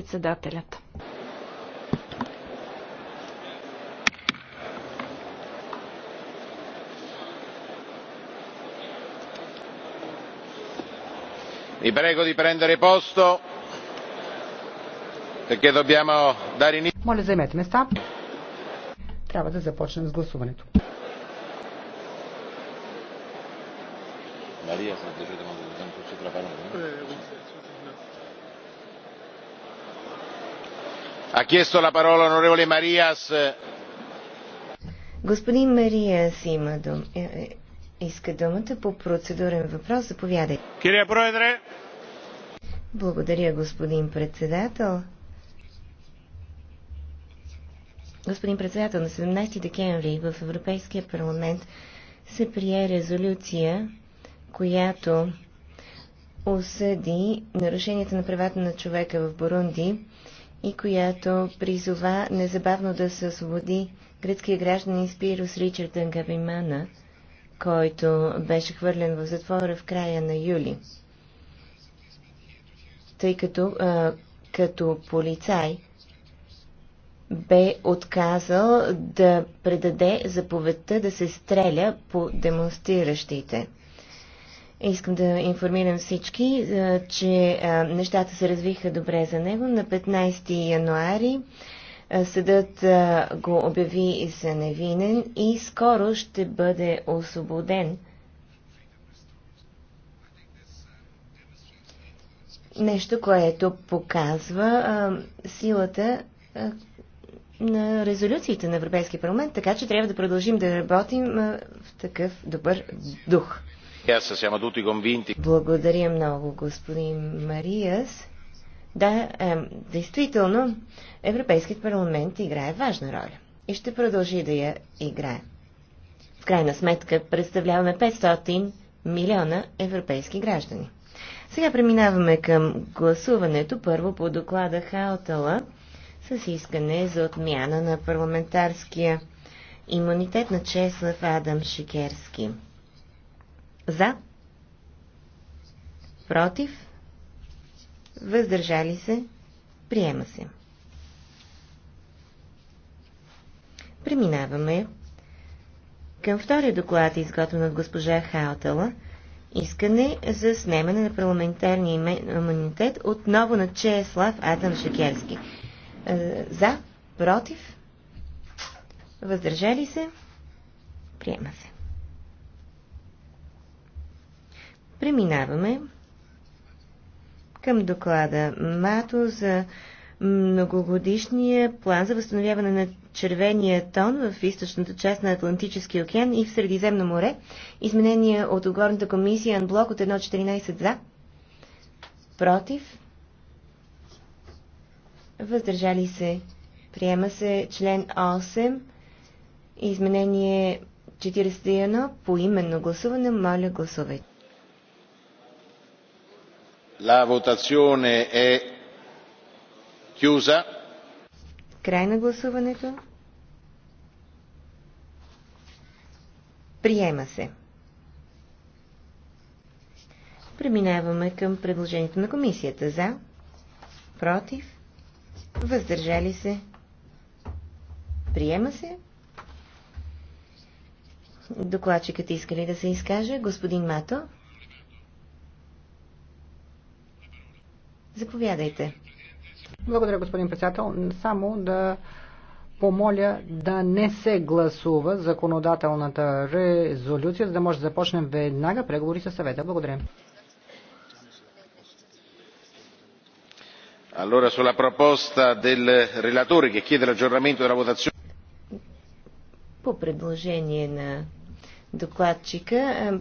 Председателят. Ви прего di prendere posto perché dobbiamo dare inizio. Моля, займете места. Трябва да започнем с гласуването. Мария, се държи да мога да дам по Господин Мариас има е, е, иска думата по процедурен въпрос. Заповядай. Кирия Проедре. Благодаря, господин председател. Господин председател, на 17 декември в Европейския парламент се прие резолюция, която осъди нарушенията на правата на човека в Бурунди и която призова незабавно да се освободи гръцкия гражданин спирус Ричард Ангабимана, който беше хвърлен в затвора в края на юли. Тъй като а, като полицай бе отказал да предаде заповедта да се стреля по демонстриращите. Искам да информирам всички, че нещата се развиха добре за него. На 15 януари съдът го обяви за невинен и скоро ще бъде освободен. Нещо, което показва силата на резолюциите на Европейския парламент, така че трябва да продължим да работим в такъв добър дух. Благодаря много, господин Мариас. Да, е, действително, Европейският парламент играе важна роля и ще продължи да я играе. В крайна сметка представляваме 500 милиона европейски граждани. Сега преминаваме към гласуването първо по доклада Хаотала с искане за отмяна на парламентарския имунитет на Чеслав Адам Шикерски. За. Против. Въздържали се. Приема се. Преминаваме към втория доклад, изготвен от госпожа Хаотела. Искане за снемане на парламентарния имунитет отново на Чеслав Адам Шекерски. Е, за, против, въздържали се, приема се. Преминаваме към доклада МАТО за многогодишния план за възстановяване на червения тон в източната част на Атлантическия океан и в Средиземно море. Изменения от отговорната комисия Анблок от 1.14 за. Против. Въздържали се. Приема се член 8. Изменение 41 по именно гласуване. Моля гласувайте. La votazione è chiusa. Край на гласуването. Приема се. Преминаваме към предложението на комисията. За, против, въздържали се. Приема се. Докладчикът иска ли да се изкаже? Господин Мато. Заповядайте. Благодаря, господин председател. Само да помоля да не се гласува законодателната резолюция, за да може да започнем веднага преговори с съвета. Благодаря. Allora sulla proposta del relatore che chiede l'aggiornamento della votazione. По предложение на докладчика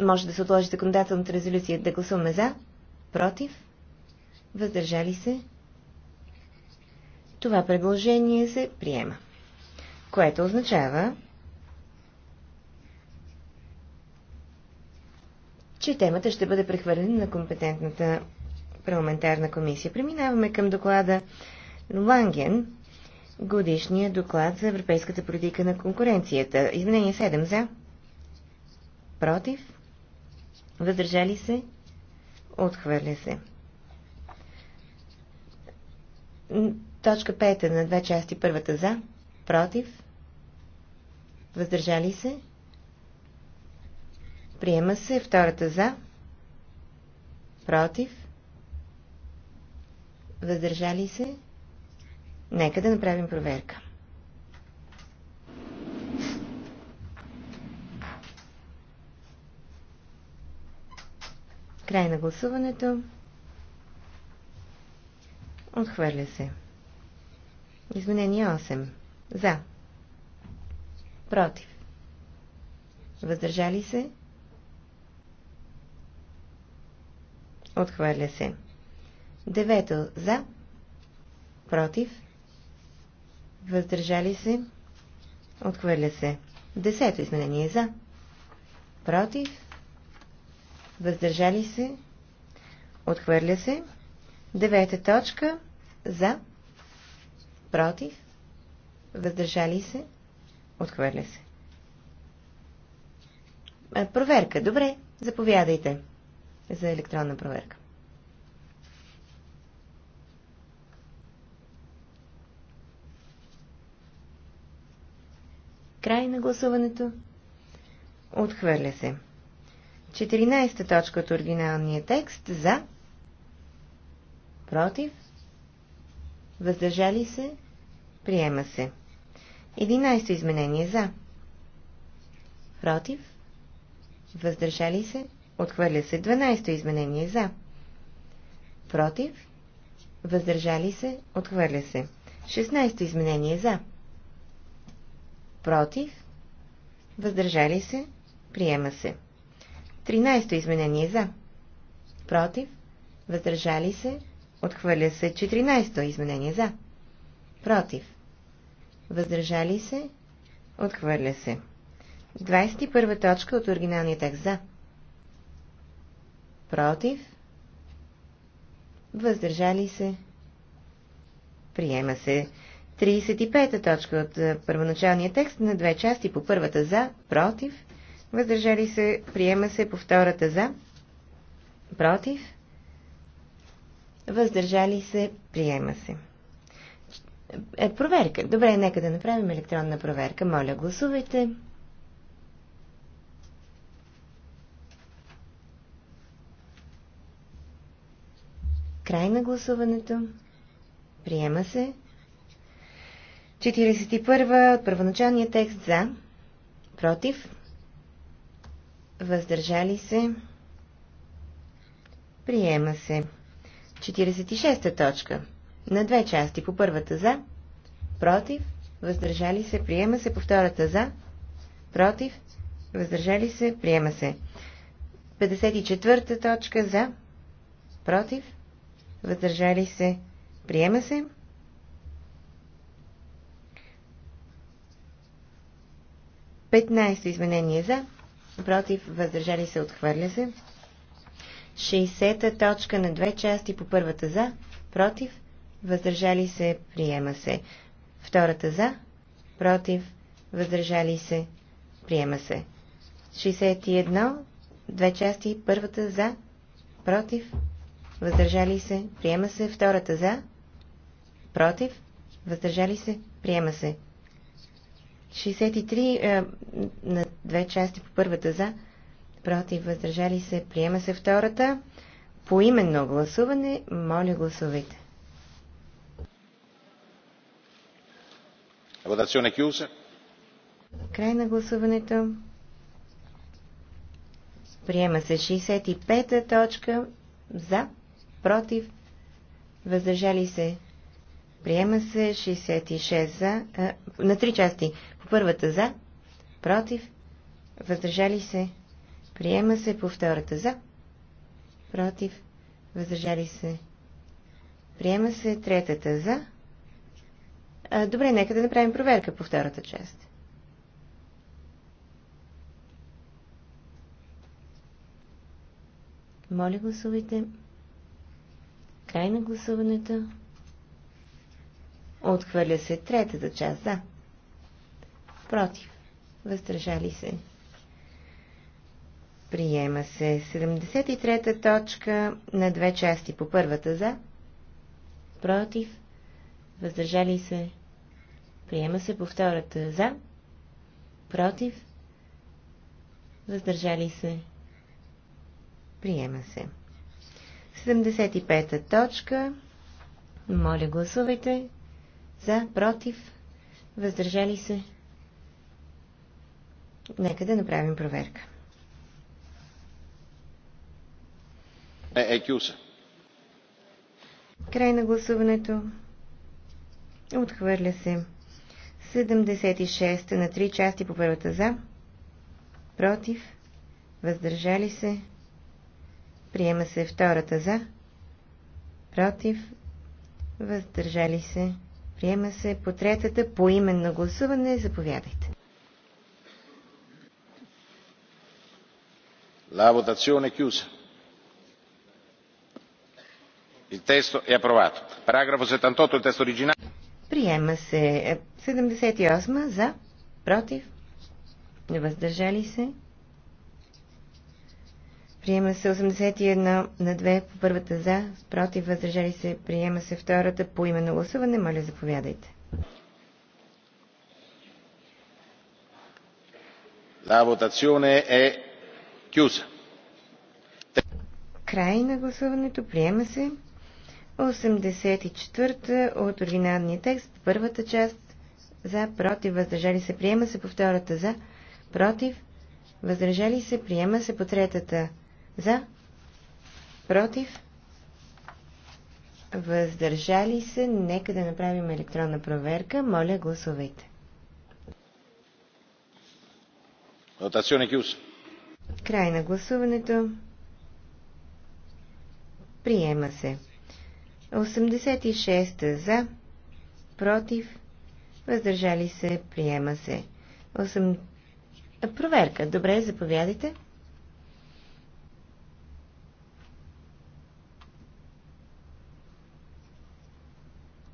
може да се отложи законодателната резолюция да гласуваме за. Против? Въздържали се? Това предложение се приема. Което означава, че темата ще бъде прехвърлена на компетентната парламентарна комисия. Преминаваме към доклада Ланген, годишния доклад за европейската политика на конкуренцията. Изменение 7 за. Против. Въздържали се. Отхвърля се. Точка 5 на две части. Първата за. Против. Въздържали се. Приема се. Втората за. Против. Въздържали се. Нека да направим проверка. Край на гласуването. Отхвърля се. Изменение 8. За. Против. Въздържали се. Отхвърля се. Девето. За. Против. Въздържали се. Отхвърля се. Десето изменение. За. Против въздържали се, отхвърля се. Девета точка за, против, въздържали се, отхвърля се. проверка. Добре, заповядайте за електронна проверка. Край на гласуването. Отхвърля се. 14-та точка от оригиналния текст. За. Против. Въздържали се. Приема се. 11-то изменение. За. Против. Въздържали се. Отхвърля се. 12-то изменение. За. Против. Въздържали се. Отхвърля се. 16-то изменение. За. Против. Въздържали се. Приема се. 13 изменение за. Против. Въздържали се. Отхвърля се 14-то изменение за. Против. Въздържали се. Отхвърля се. 21 точка от оригиналния текст за. Против. Въздържали се. Приема се 35 точка от е, първоначалния текст на две части по първата за, против, въздържали се, приема се по втората за, против, въздържали се, приема се. Е, проверка. Добре, нека да направим електронна проверка. Моля, гласувайте. Край на гласуването. Приема се. 41 от първоначалния текст за. Против въздържали се, приема се. 46-та точка. На две части. По първата за, против, въздържали се, приема се. По втората за, против, въздържали се, приема се. 54-та точка за, против, въздържали се, приема се. Петнайсто изменение за, против, въздържали се, отхвърля се. 60-та точка на две части по първата за, против, въздържали се, приема се. Втората за, против, въздържали се, приема се. 61, две части, първата за, против, въздържали се, приема се, втората за, против, въздържали се, приема се. 63 е, на две части по първата за, против, въздържали се, приема се втората. По именно гласуване, моля гласувайте. Край на гласуването. Приема се 65-та точка за, против, въздържали се, Приема се 66 за, а, на три части. По първата за, против, въздържали се. Приема се по втората за, против, въздържали се. Приема се третата за. А, добре, нека да направим проверка по втората част. Моля гласувайте. Край на гласуването. Отхвърля се третата част за. Против. Въздържали се. Приема се 73-та точка на две части по първата за. Против. Въздържали се. Приема се по втората за. Против. Въздържали се. Приема се. 75-та точка. Моля гласувайте. За, против, въздържали се. Нека да направим проверка. Е, е, кюса. Край на гласуването. Отхвърля се. 76 на 3 части по първата за. Против. Въздържали се. Приема се втората за. Против. Въздържали се. Приема се по третата по гласуване. Заповядайте. La votazione è chiusa. Il testo è approvato. Paragrafo 78, il testo originale. Приема се 78 за, против, въздържали се, Приема се 81 на 2 по първата за, против, въздържали се. Приема се втората по на гласуване. Моля, заповядайте. La votazione è chiusa. Край на гласуването. Приема се 84 та от оригиналния текст. Първата част за, против, въздържали се. Приема се по втората за, против, въздържали се. Приема се по третата за? Против? Въздържали се? Нека да направим електронна проверка. Моля, гласувайте. Ротационе Кюс. Край на гласуването. Приема се. 86 за, против, въздържали се, приема се. 8... Проверка. Добре, заповядайте.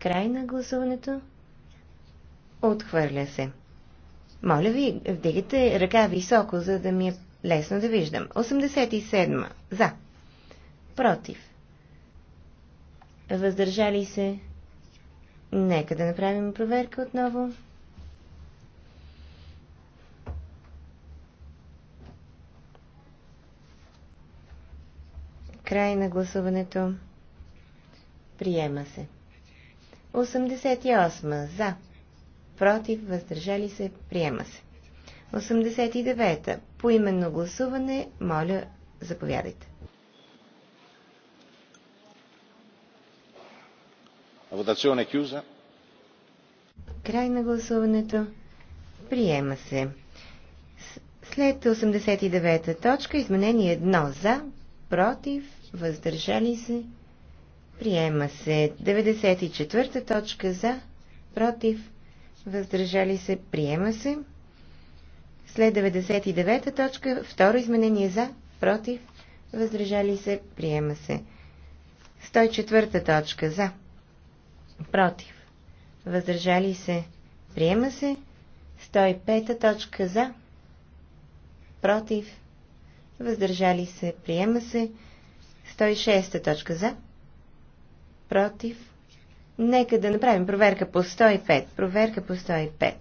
Край на гласуването. Отхвърля се. Моля ви, вдигате ръка високо, за да ми е лесно да виждам. 87. За. Против. Въздържали се. Нека да направим проверка отново. Край на гласуването. Приема се. 88. За. Против. Въздържали се. Приема се. 89. По именно гласуване. Моля, заповядайте. Votazione кюза. Край на гласуването. Приема се. След 89-та точка изменение 1 за, против, въздържали се, Приема се 94-та точка за, против, въздържали се, приема се. След 99-та точка, второ изменение за, против, въздържали се, приема се. 104-та точка за, против, въздържали се, приема се. 105-та точка за, против, въздържали се, приема се. 106-та точка за, против. Нека да направим проверка по 105. Проверка по 105.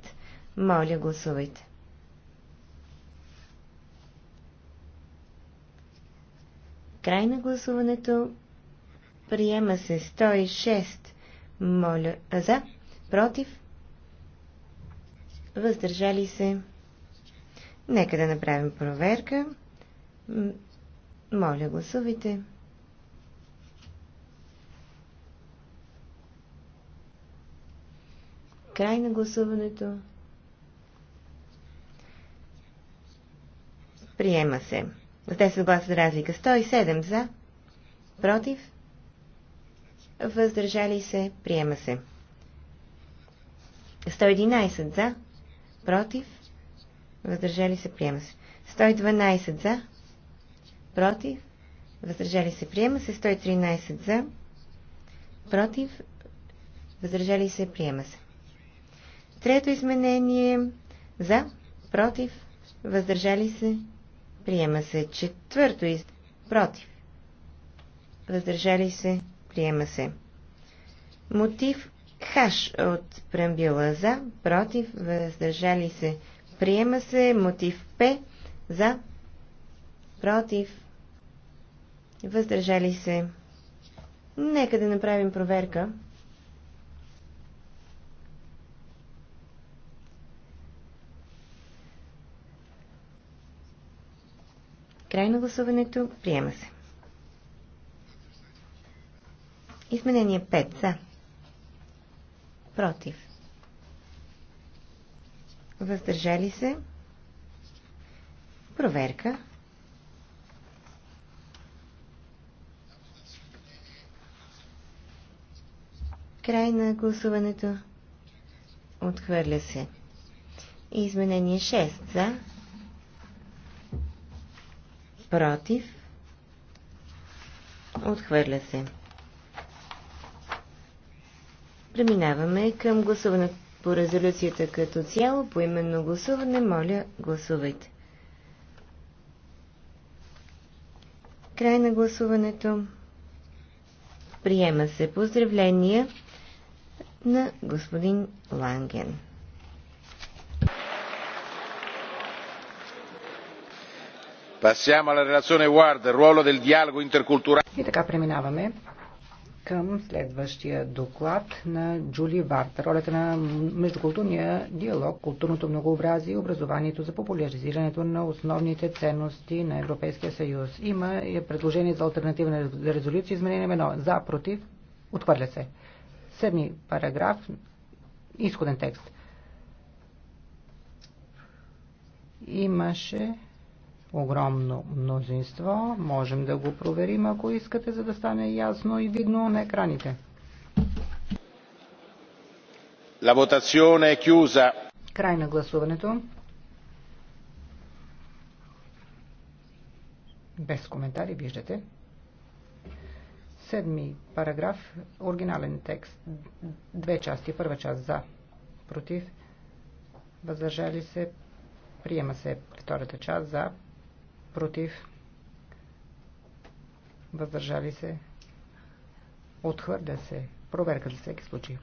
Моля, гласувайте. Край на гласуването. Приема се 106. Моля, а за, против, въздържали се. Нека да направим проверка. Моля, гласувайте. Край на гласуването. Приема се. С 10 гласа разлика. 107 за. Против. Въздържали се. Приема се. 111 за. Против. Въздържали се. Приема се. 112 за. Против. Въздържали се. Приема се. 113 за. Против. Въздържали се. Приема се. Трето изменение за, против, въздържали се, приема се. Четвърто из... против, въздържали се, приема се. Мотив хаш от преамбюла за, против, въздържали се, приема се. Мотив П за, против, въздържали се. Нека да направим проверка. Край на гласуването. Приема се. Изменение 5. За. Против. Въздържали се. Проверка. Край на гласуването. Отхвърля се. Изменение 6. За против, отхвърля се. Преминаваме към гласуване по резолюцията като цяло, по именно гласуване, моля, гласувайте. Край на гласуването. Приема се поздравления на господин Ланген. И така преминаваме към следващия доклад на Джули Варт. Ролята на междукултурния диалог, културното многообразие и образованието за популяризирането на основните ценности на Европейския съюз. Има и предложение за альтернативна резолюция, изменение едно За, против, отхвърля се. Седми параграф, изходен текст. Имаше огромно мнозинство. Можем да го проверим, ако искате, за да стане ясно и видно на екраните. La votazione è chiusa. Край на гласуването. Без коментари, виждате. Седми параграф, оригинален текст. Две части. Първа част за, против, въздържали се, приема се втората част за, против, въздържали се, отхвърля се. Проверка за всеки случай.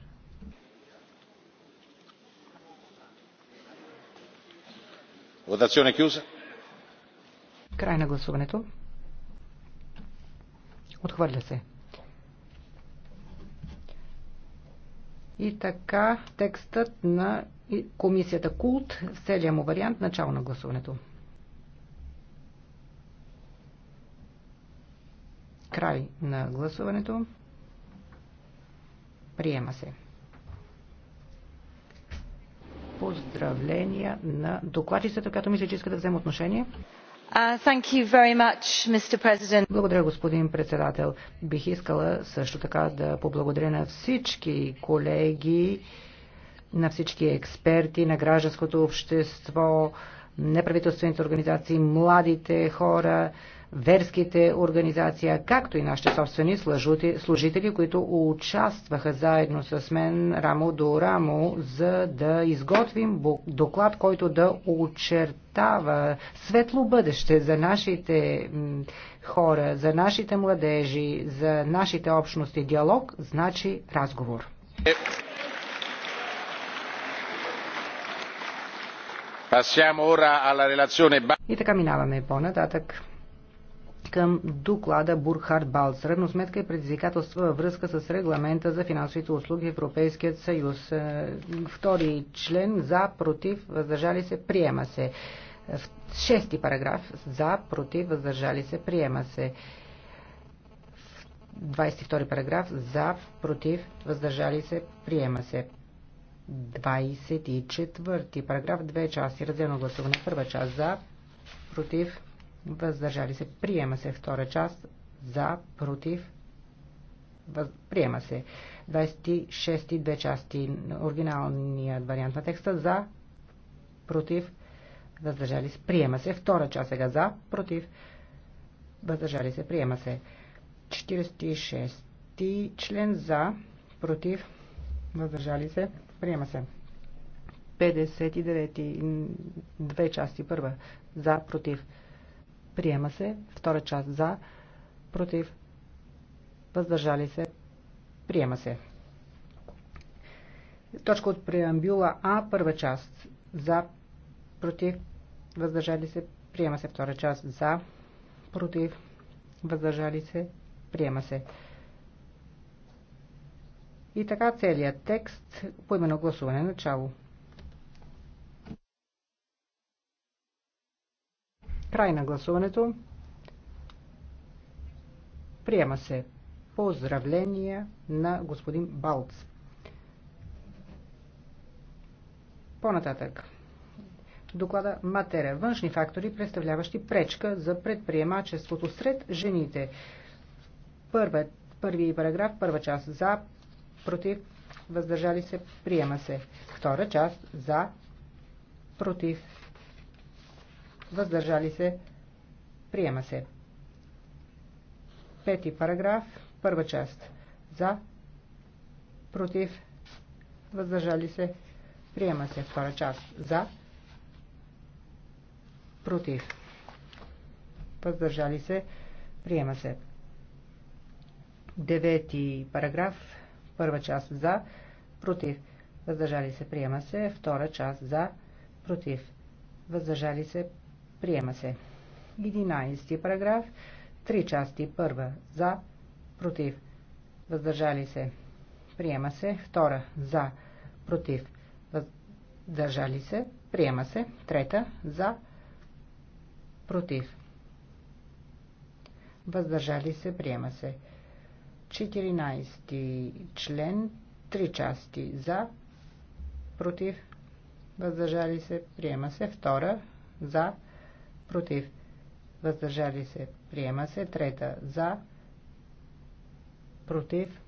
Votazione chiusa. Край на гласуването. Отхвърля се. И така текстът на комисията Култ в целия му вариант начало на гласуването. Край на гласуването. Приема се. Поздравления на докладчицата, която мисля, че иска да вземе отношение. Uh, much, благодаря, господин председател. Бих искала също така да поблагодаря на всички колеги, на всички експерти, на гражданското общество, неправителствените организации, младите хора, верските организации, както и нашите собствени служители, които участваха заедно с мен рамо до рамо, за да изготвим доклад, който да очертава светло бъдеще за нашите хора, за нашите младежи, за нашите общности. Диалог значи разговор. И така минаваме по-нататък към доклада Бурхард Балц. сметка и предизвикателства във връзка с регламента за финансовите услуги в Европейският съюз. Е, втори член за, против, въздържали се, приема се. Шести параграф за, против, въздържали се, приема се. 22 параграф за, против, въздържали се, приема се. 24 параграф, две части, разделно гласуване. Първа част за, против, въздържали се, приема се втора част, за, против, въз... приема се. 26 две части, оригиналният вариант на текста, за, против, въздържали се, приема се. Втора част сега за, против, въздържали се, приема се. 46 член за, против, въздържали се, приема се. 59 две части, първа, за, против, Приема се. Втора част за. Против. Въздържали се. Приема се. Точка от преамбюла А. Първа част. За. Против. Въздържали се. Приема се. Втора част. За. Против. Въздържали се. Приема се. И така целият текст по именно гласуване начало. Край на гласуването. Приема се. Поздравления на господин Балц. По-нататък. Доклада Матера. Външни фактори, представляващи пречка за предприемачеството сред жените. Първа, първи параграф, първа част за, против, въздържали се, приема се. Втора част за, против, въздържали се, приема се. Пети параграф, първа част. За, против, въздържали се, приема се. Втора част. За, против, въздържали се, приема се. Девети параграф, първа част. За, против, въздържали се, приема се. Втора част. За, против, въздържали се, Приема се. 11 параграф. Три части. Първа. За. Против. Въздържали се. Приема се. Втора. За. Против. Въздържали се. Приема се. Трета. За. Против. Въздържали се. Приема се. 14 член. Три части. За. Против. Въздържали се. Приема се. Втора. За. Против против, въздържали се, приема се. Трета за, против,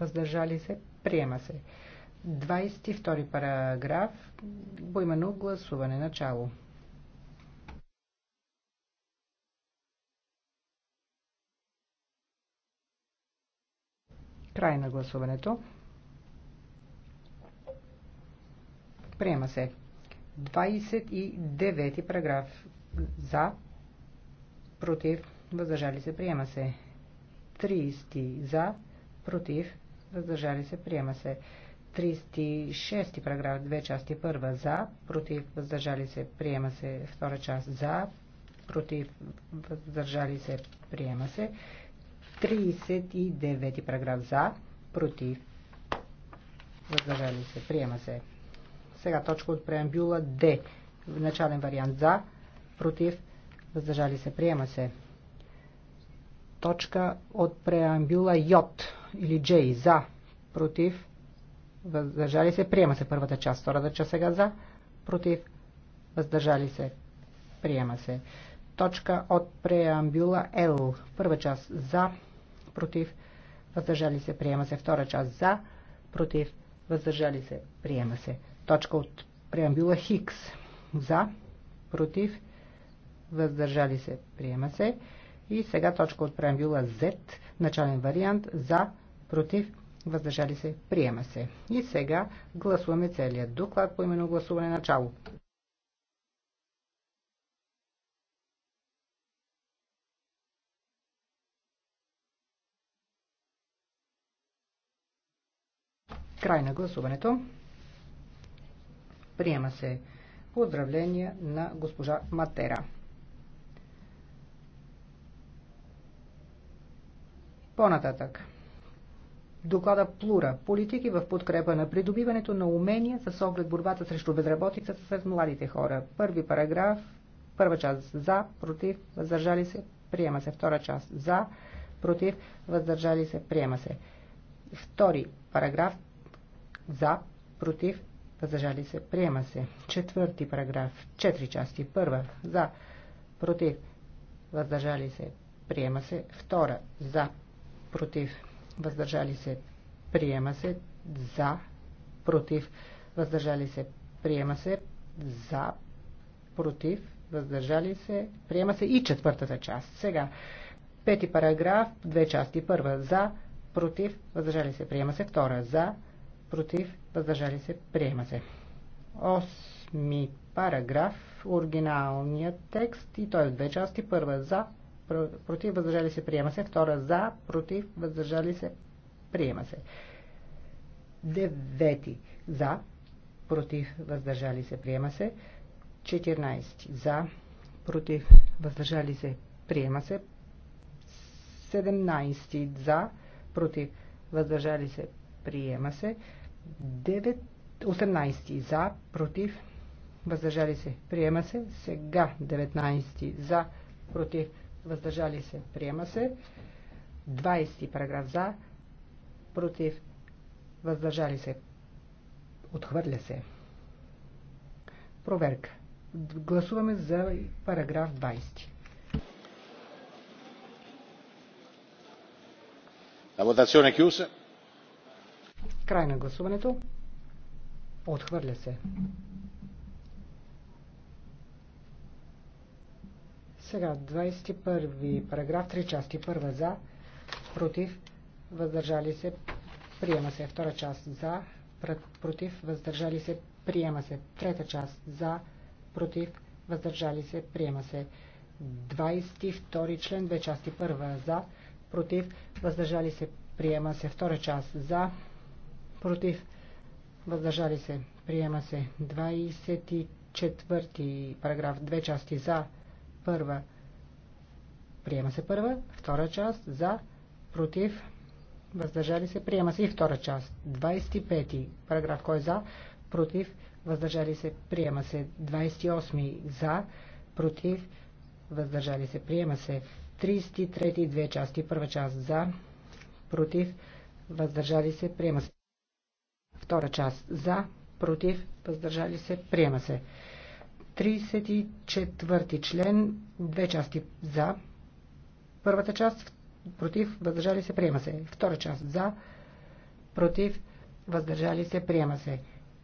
въздържали се, приема се. 22 параграф, поименно гласуване начало. Край на гласуването. Приема се. 29 параграф. За, против, въздържали се, приема се. 30 за, против, въздържали се, приема се. 36 параграф, две части, първа за, против, въздържали се, приема се, втора част за, против, въздържали се, приема се. 39 параграф за, против, въздържали се, приема се. Сега точка от преамбюла Д. Начален вариант за, против, въздържали се, приема се. Точка от преамбюла Й или J за, против, въздържали се, приема се първата част, втората част сега за, против, въздържали се, приема се. Точка от преамбюла Л. Първа част за, против, въздържали се, приема се. Втора част за, против, въздържали се, приема се точка от преамбюла Хикс. За, против, въздържали се, приема се. И сега точка от преамбюла Z, начален вариант, за, против, въздържали се, приема се. И сега гласуваме целият доклад по именно гласуване начало. Край на гласуването. Приема се. Поздравления на госпожа Матера. Понататък. Доклада Плура. Политики в подкрепа на придобиването на умения с оглед борбата срещу безработицата сред младите хора. Първи параграф. Първа част за, против, въздържали се, приема се. Втора част за, против, въздържали се, приема се. Втори параграф за, против, въздържали се, приема се. Четвърти параграф, четири части. Първа, за, против, въздържали се, приема се. Втора, за, против, въздържали се, приема се. За, против, въздържали се, приема се. За, против, въздържали се, приема се и четвъртата част. Сега, пети параграф, две части. Първа, за, против, въздържали се, приема се. Втора, за, против, въздържали се, приема се. Осми параграф, оригиналният текст и той в е две части. Първа е за, против, въздържали се, приема се. Втора е за, против, въздържали се, приема се. Девети за, против, въздържали се, приема се. 14 за, против, въздържали се, приема се. 17 за, против, въздържали се, Приема се. 9, 18 за, против, въздържали се. Приема се. Сега 19 за, против, въздържали се. Приема се. 20 параграф за, против, въздържали се. Отхвърля се. Проверка. Гласуваме за параграф 20. La votazione è chiusa. Край на гласуването. Отхвърля се. Сега 21 параграф, 3 части. Първа за, против, въздържали се, приема се. Втора част за, против, въздържали се, приема се. Трета част за, против, въздържали се, приема се. 22 член, две части. Първа за, против, въздържали се, приема се. Втора част за, против, въздържали се, приема се. 24 параграф, две части за, първа, приема се първа, втора част за, против, въздържали се, приема се и втора част. 25 параграф, кой е за, против, въздържали се, приема се. 28 за, против, въздържали се, приема се. 33 две части, първа част за, против, въздържали се, приема се. Втора част за, против, въздържали се, приема се. 34 член, две части за. Първата част против, въздържали се, приема се. Втора част за, против, въздържали се, приема се.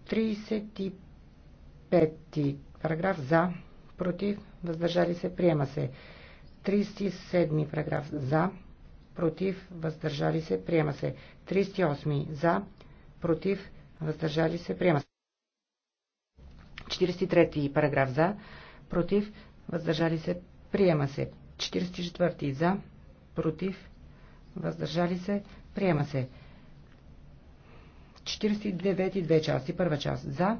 35 параграф за, против, въздържали се, приема се. 37 параграф за, против, въздържали се, приема се. 38 за, против, въздържали се, приема се. 43 параграф за, против, въздържали се, приема се. 44 за, против, въздържали се, приема се. 49 и 2 части, първа част за,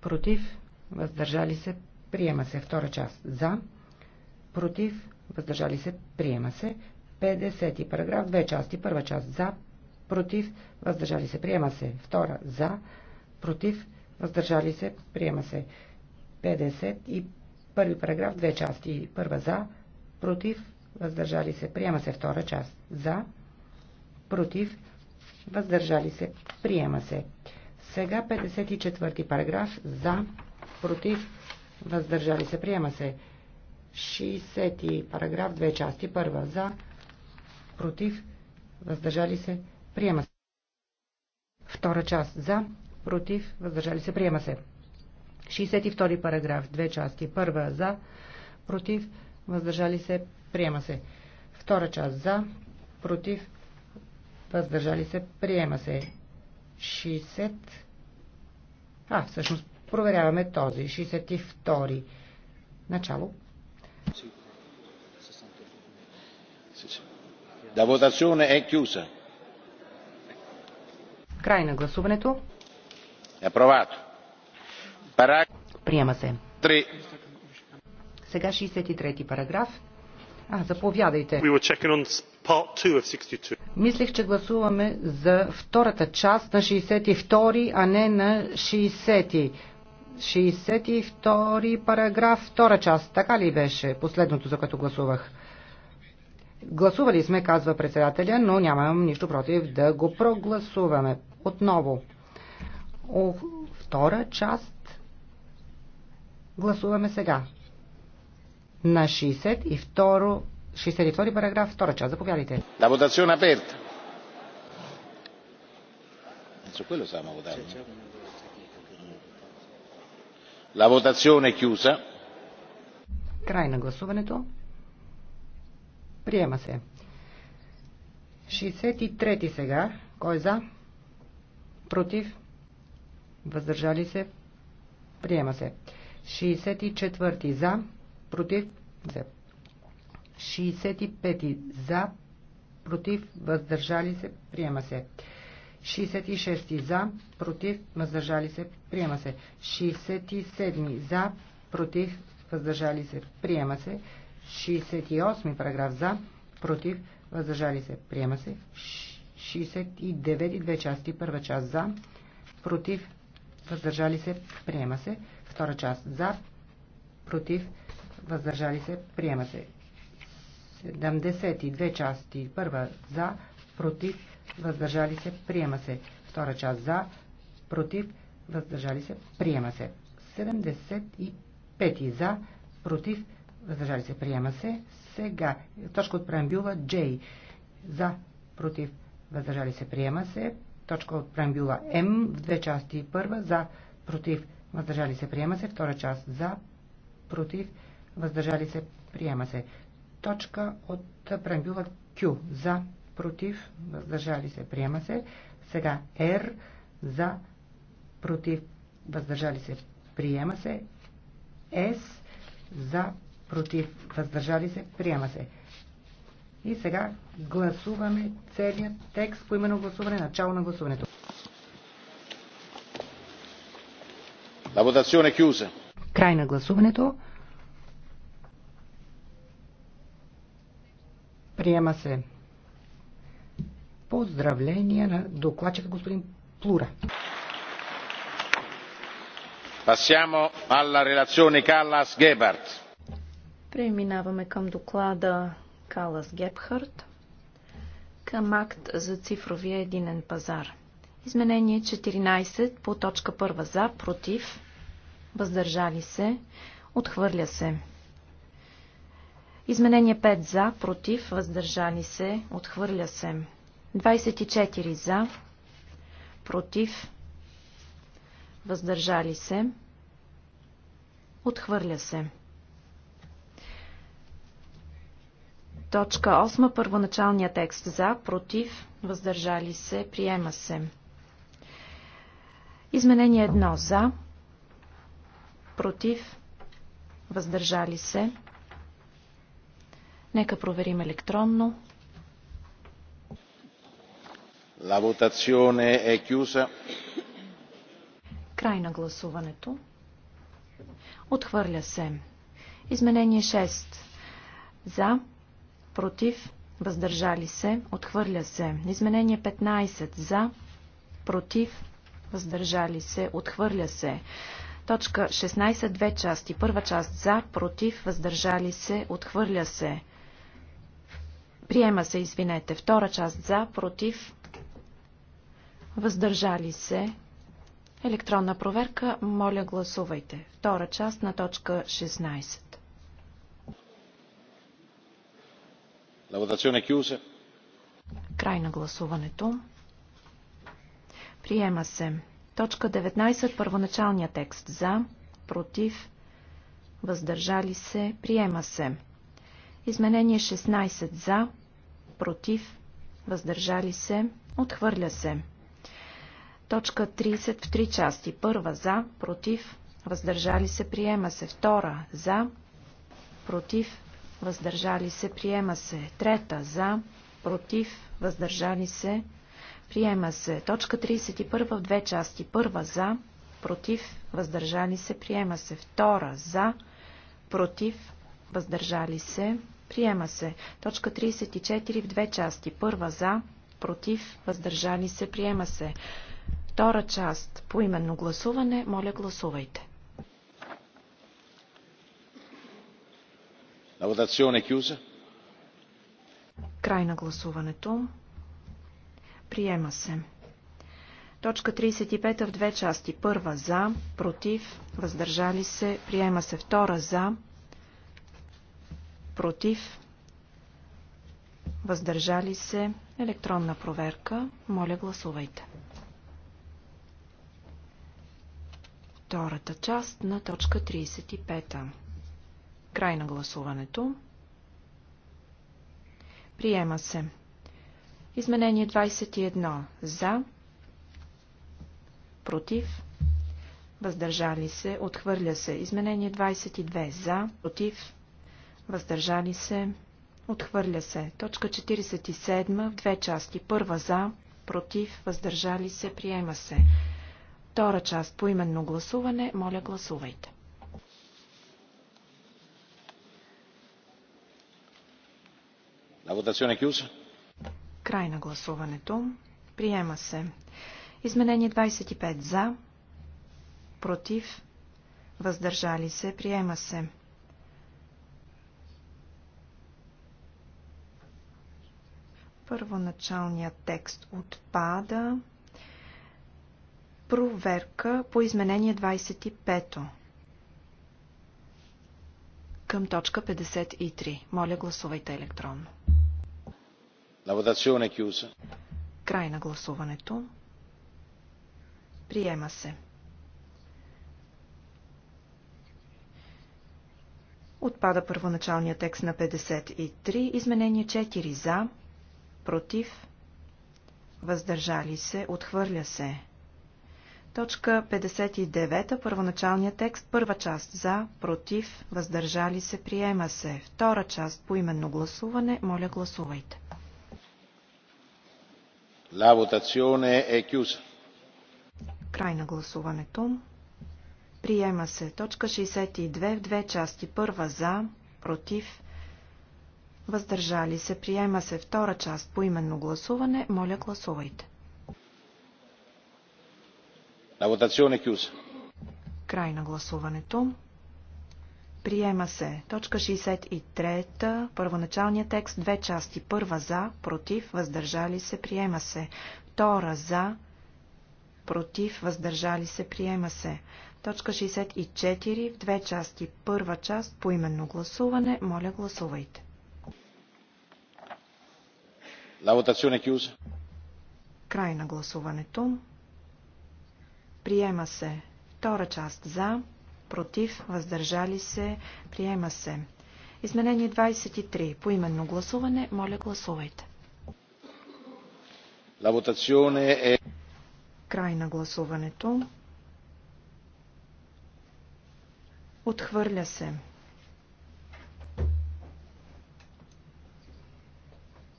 против, въздържали се, приема се. Втора част за, против, въздържали се, приема се. 50 параграф, две части, първа част за, против, въздържали се, приема се. Втора, за, против, въздържали се, приема се. 50 и първи параграф, две части. Първа за, против, въздържали се, приема се. Втора част, за, против, въздържали се, приема се. Сега 54 параграф, за, против, въздържали се, приема се. 60 параграф, две части. Първа за, против, въздържали се, Приема се. Втора част за, против, въздържали се, приема се. 62 параграф, две части. Първа за, против, въздържали се, приема се. Втора част за, против, въздържали се, приема се. 60. А, всъщност проверяваме този. 62. Начало. La votazione è chiusa. Край на гласуването. Е Апровато. Параг... Приема се. 3. Сега 63 ти параграф. А, заповядайте. We were Мислех, че гласуваме за втората част на 62, а не на 60. ти 62 параграф, втора част. Така ли беше последното, за което гласувах? Гласували сме, казва председателя, но нямам нищо против да го прогласуваме отново. О, втора част гласуваме сега. На 62, 62 параграф, втора част. Заповядайте. La votazione aperta. Su quello stavamo votando. La votazione chiusa. Край на гласуването. Приема се. 63 сега. Кой е за? против, въздържали се, приема се. 64 за, против, се. 65 за, против, въздържали се, приема се. 66 за, против, въздържали се, приема се. 67 за, против, въздържали се, приема се. 68 параграф за, против, въздържали се, приема се. 69 и части. Първа част за, против, въздържали се, приема се. Втора част за, против, въздържали се, приема се. 72 части. Първа за, против, въздържали се, приема се. Втора част за, против, въздържали се, приема се. 75 за, против, въздържали се, приема се. Сега, точка от преамбюла J. За, против, въздържали се, приема се. Точка от преамбюла М в две части. Първа за, против, въздържали се, приема се. Втора част за, против, въздържали се, приема се. Точка от преамбюла Q за, против, въздържали се, приема се. Сега R за, против, въздържали се, приема се. С за, против, въздържали се, приема се. И сега гласуваме целият текст по именно гласуване, начало на гласуването. La votazione è chiusa. Край на гласуването. Приема се. Поздравления на докладчика господин Плура. Passiamo alla relazione Callas Gebhardt. Преминаваме към доклада Калас Гепхарт към акт за цифровия единен пазар. Изменение 14 по точка 1 за, против, въздържали се, отхвърля се. Изменение 5 за, против, въздържали се, отхвърля се. 24 за, против, въздържали се, отхвърля се. Точка 8. Първоначалния текст за, против, въздържали се, приема се. Изменение 1 за, против, въздържали се. Нека проверим електронно. La votazione è chiusa. Край на гласуването. Отхвърля се. Изменение 6. За против, въздържали се, отхвърля се. Изменение 15 за, против, въздържали се, отхвърля се. Точка 16, две части. Първа част за, против, въздържали се, отхвърля се. Приема се, извинете. Втора част за, против, въздържали се. Електронна проверка, моля гласувайте. Втора част на точка 16. Край на гласуването. Приема се. Точка 19. Първоначалния текст. За. Против. Въздържали се. Приема се. Изменение 16. За. Против. Въздържали се. Отхвърля се. Точка 30 в три части. Първа за, против, въздържали се, приема се. Втора за, против, въздържали се, приема се. Трета за, против, въздържали се, приема се. Точка 31 в две части. Първа за, против, въздържали се, приема се. Втора за, против, въздържали се, приема се. Точка 34 в две части. Първа за, против, въздържали се, приема се. Втора част по именно гласуване, моля гласувайте. La votazione è chiusa. Край на гласуването. Приема се. Точка 35 в две части. Първа за, против, въздържали се, приема се. Втора за, против, въздържали се, електронна проверка. Моля, гласувайте. Втората част на точка 35. Край на гласуването. Приема се. Изменение 21. За. Против. Въздържали се. Отхвърля се. Изменение 22. За. Против. Въздържали се. Отхвърля се. Точка 47 в две части. Първа за, против, въздържали се, приема се. Втора част по именно гласуване. Моля гласувайте. Край на гласуването. Приема се. Изменение 25 за, против, въздържали се, приема се. Първоначалният текст отпада. Проверка по изменение 25 към точка 53. Моля, гласувайте електронно. La votazione è chiusa. Край на гласуването. Приема се. Отпада първоначалния текст на 53, изменение 4 за, против, въздържали се, отхвърля се. Точка 59, първоначалния текст, първа част за, против, въздържали се, приема се. Втора част по именно гласуване, моля гласувайте. La votazione è chiusa. Край на гласуването. Приема се точка 62 в две части. Първа за, против, въздържали се. Приема се втора част по именно гласуване. Моля, гласувайте. La votazione è chiusa. Край на гласуването. Приема се. Точка 63. Първоначалният текст. Две части. Първа за, против, въздържали се. Приема се. Втора за, против, въздържали се. Приема се. Точка 64. В две части. Първа част. по именно гласуване. Моля, гласувайте. La votazione chiusa. Край на гласуването. Приема се. Втора част за, против, въздържали се, приема се. Изменение 23. По именно гласуване, моля гласувайте. La votazione è... Край на гласуването. Отхвърля се.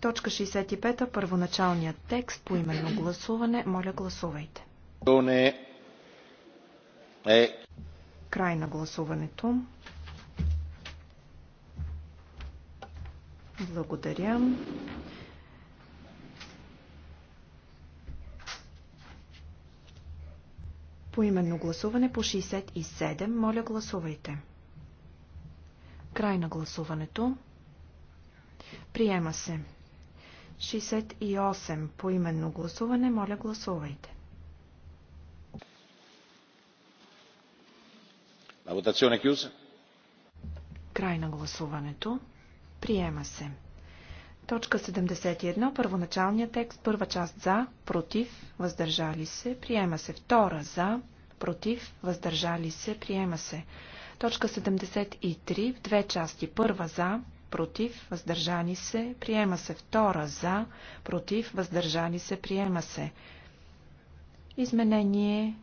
Точка 65. Първоначалният текст по именно гласуване. Моля гласувайте. Е. Край на гласуването. Благодаря. Поименно гласуване по 67. Моля, гласувайте. Край на гласуването. Приема се. 68. Поименно гласуване. Моля, гласувайте. votazione chiusa. Край на гласуването. Приема се. Точка 71. Първоначалният текст. Първа част за, против, въздържали се. Приема се. Втора за, против, въздържали се. Приема се. Точка 73. В две части. Първа за, против, въздържани се. Приема се. Втора за, против, въздържани се. Приема се. Изменение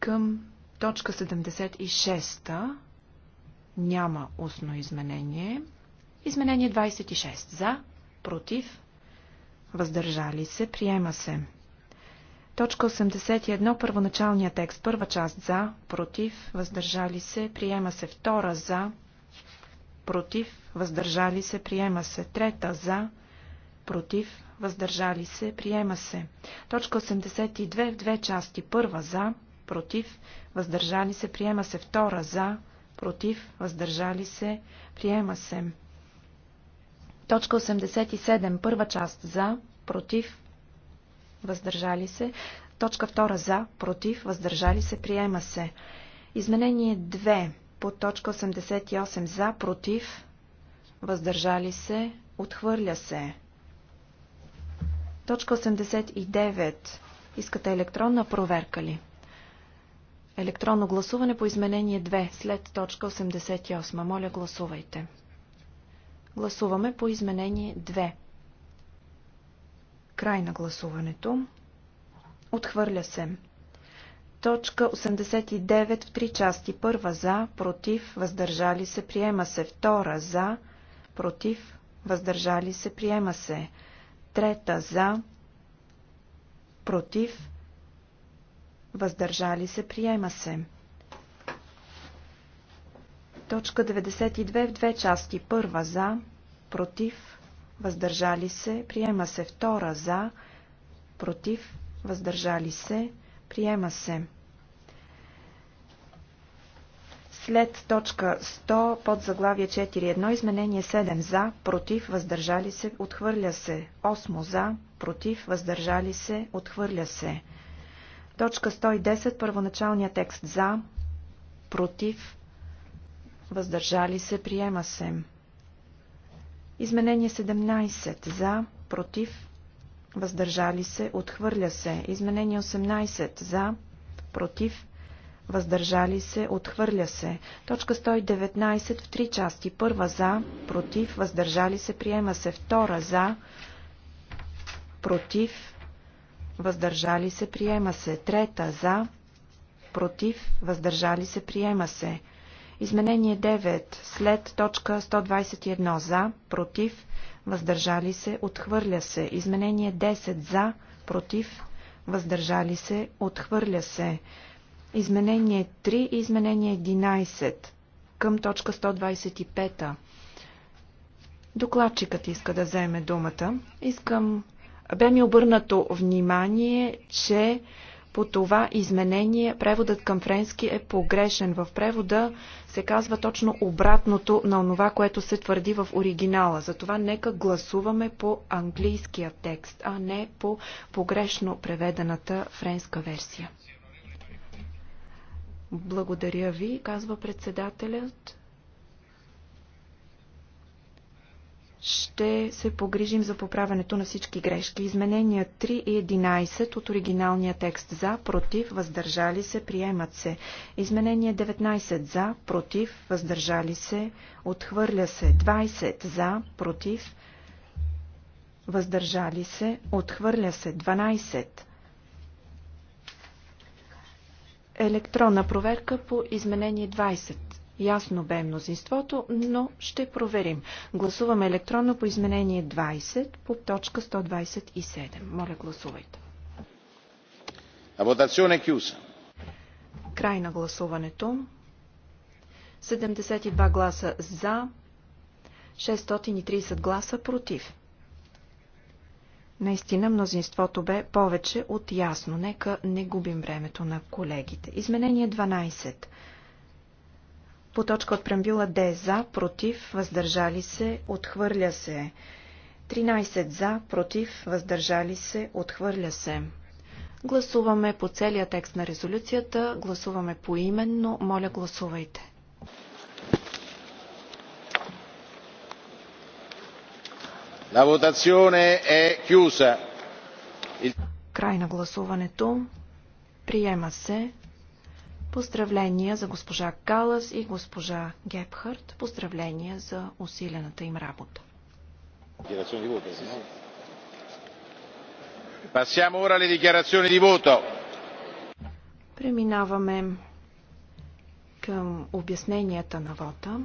Към точка 76 няма устно изменение. Изменение 26. За, против, въздържали се, приема се. Точка 81. първоначалният текст. Първа част за, против, въздържали се, приема се. Втора за, против, въздържали се, приема се. Трета за, против, въздържали се, приема се. Точка 82 в две части. Първа за, против, въздържали се, приема се. Втора за, против, въздържали се, приема се. Точка 87, първа част за, против, въздържали се. Точка 2 за, против, въздържали се, приема се. Изменение 2 по точка 88 за, против, въздържали се, отхвърля се. Точка 89. Искате електронна проверка ли? Електронно гласуване по изменение 2 след точка 88. Моля, гласувайте. Гласуваме по изменение 2. Край на гласуването. Отхвърля се. Точка 89 в три части. Първа за, против, въздържали се, приема се. Втора за, против, въздържали се, приема се. Трета за, против, въздържали се, приема се. Точка 92 в две части. Първа за, против, въздържали се, приема се. Втора за, против, въздържали се, приема се. След точка 100 под заглавие 4.1 изменение 7 за, против, въздържали се, отхвърля се. 8 за, против, въздържали се, отхвърля се. Точка 110, първоначалният текст за, против, въздържали се, приема се. Изменение 17 за, против, въздържали се, отхвърля се. Изменение 18 за, против, въздържали се, отхвърля се. Точка 119 в три части. Първа за, против, въздържали се, приема се. Втора за, против, въздържали се, приема се. Трета за, против, въздържали се, приема се. Изменение 9 след точка 121 за, против, въздържали се, отхвърля се. Изменение 10 за, против, въздържали се, отхвърля се. Изменение 3 и изменение 11 към точка 125. Докладчикът иска да вземе думата. Искам бе ми обърнато внимание, че по това изменение преводът към френски е погрешен. В превода се казва точно обратното на това, което се твърди в оригинала. Затова нека гласуваме по английския текст, а не по погрешно преведената френска версия. Благодаря ви, казва председателят. ще се погрижим за поправенето на всички грешки. Изменения 3 и 11 от оригиналния текст за, против, въздържали се, приемат се. Изменение 19 за, против, въздържали се, отхвърля се. 20 за, против, въздържали се, отхвърля се. 12. Електронна проверка по изменение 20. Ясно бе мнозинството, но ще проверим. Гласуваме електронно по изменение 20 по точка 127. Моля, гласувайте. е кюса. Край на гласуването. 72 гласа за, 630 гласа против. Наистина мнозинството бе повече от ясно. Нека не губим времето на колегите. Изменение 12. По точка от прембюла Д е за, против, въздържали се, отхвърля се. 13 за, против, въздържали се, отхвърля се. Гласуваме по целия текст на резолюцията, гласуваме поименно, моля гласувайте. La votazione è chiusa. Край на гласуването. Приема се. Поздравления за госпожа Калас и госпожа Гепхарт. Поздравления за усилената им работа. Преминаваме към обясненията на вота.